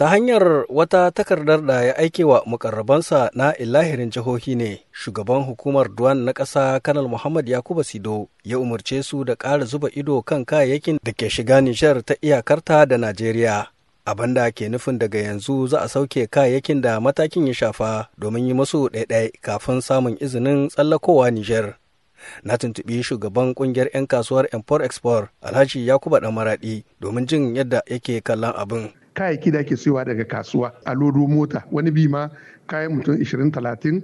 ta hanyar wata takardar da ya aike wa mukarrabansa na ilahirin jihohi ne shugaban hukumar duwan na ƙasa kanal muhammad yakuba sido ya umarce su da ƙara zuba ido kan kayayyakin da ke shiga Nijar ta iyakarta da najeriya abin da ke nufin daga yanzu za a sauke kayayyakin da matakin ya shafa domin yi masu ɗaiɗai kafin samun izinin tsallakowa nijar na tuntuɓi shugaban ƙungiyar 'yan kasuwar import export alhaji yakuba ɗan maraɗi domin jin yadda yake kallon abin kayayyaki da ake siyowa daga kasuwa a lodo mota wani bi ma kayan mutum 20-30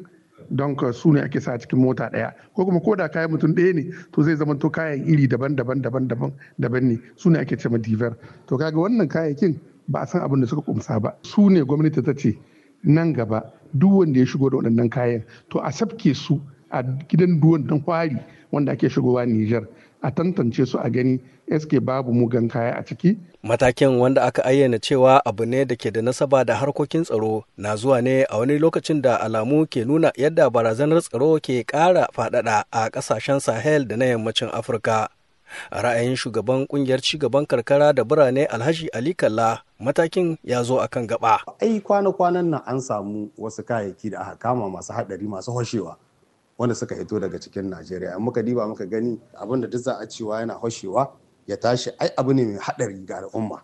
don ka su ake sa cikin mota ɗaya ko kuma ko da kayan mutum ɗaya ne to zai zama to kayan iri daban daban daban daban daban ne su ake cema diver to kaga wannan kayayyakin ba a san abin da suka kumsa ba su ne gwamnati ta ce nan gaba duk wanda ya shigo da waɗannan kayan to a sabke su a gidan duwan dan kwari wanda ake shigowa Nijar a tantance su a gani eske babu mugan kaya a ciki. Matakin wanda aka ayyana cewa abu ne da ke da nasaba da harkokin tsaro na zuwa ne a wani lokacin da alamu ke nuna yadda barazanar tsaro ke kara faɗaɗa a ƙasashen Sahel da na yammacin Afirka. A ra'ayin shugaban kungiyar cigaban karkara da birane Alhaji Ali Kalla matakin ya zo akan gaba. Ai kwana-kwanan nan an samu wasu kayayyaki da aka kama masu hadari masu hoshewa. wanda suka hito daga cikin najeriya in muka diba muka gani abin da duk za a cewa yana hoshewa ya tashi ai abu ne mai haɗari ga al'umma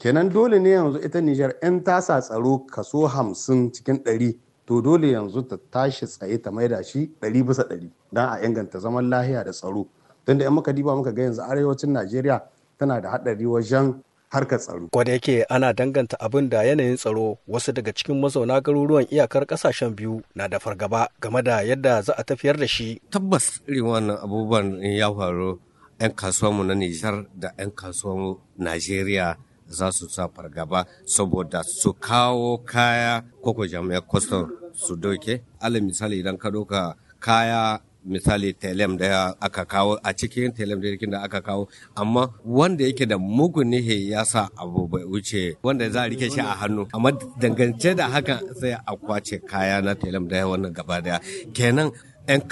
kenan dole ne yanzu ita nijar 'yan tasa tsaro kaso hamsin cikin ɗari to dole yanzu ta tashi tsaye ta maida shi ɗari bisa ɗari don a inganta zaman lahiya da tsaro tunda in muka diba muka ga yanzu arewacin najeriya tana da haɗari wajen harkar tsaro. Kwada yake ana danganta abin da yanayin tsaro wasu daga cikin mazauna garuruwan iyakar kasashen biyu na da fargaba game da yadda za a tafiyar da shi. Tabbas irin wannan abubuwan ya faru 'yan kasuwanmu na Nijar da 'yan mu Najeriya za su sa fargaba saboda su kawo kaya koko jami'ar kwastam su doke. Alal misali idan ka doka kaya misali telem da aka kawo a cikin telem da da aka kawo amma wanda yake da mugun nihe ya sa abu bai wuce wanda za a rike shi a hannu amma dangance da haka sai a kwace kaya na telem da wannan gaba daya kenan 'yan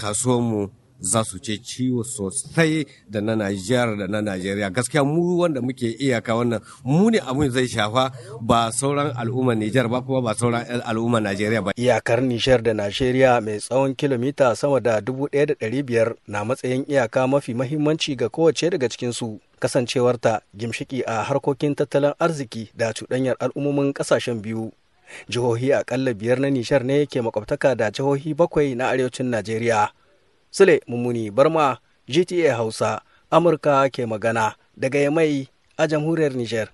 mu. za su ce ciwo sosai da na Najiyar da na Najeriya gaskiya mu wanda muke iyaka wannan mu ne abin zai shafa ba sauran al'ummar Nijar ba kuma ba sauran al'ummar Najeriya ba iyakar Nijar da Najeriya mai tsawon kilomita sama da 1500 na matsayin iyaka mafi mahimmanci ga kowace daga cikin su kasancewarta gimshiki a harkokin tattalin arziki da cuɗanyar al'ummomin ƙasashen biyu jihohi aƙalla biyar na Nijar ne ke makwabtaka da jihohi bakwai na arewacin najeriya Sule Mummuni Barma, GTA Hausa, Amurka ke magana daga Yamai a jamhuriyar Nijar.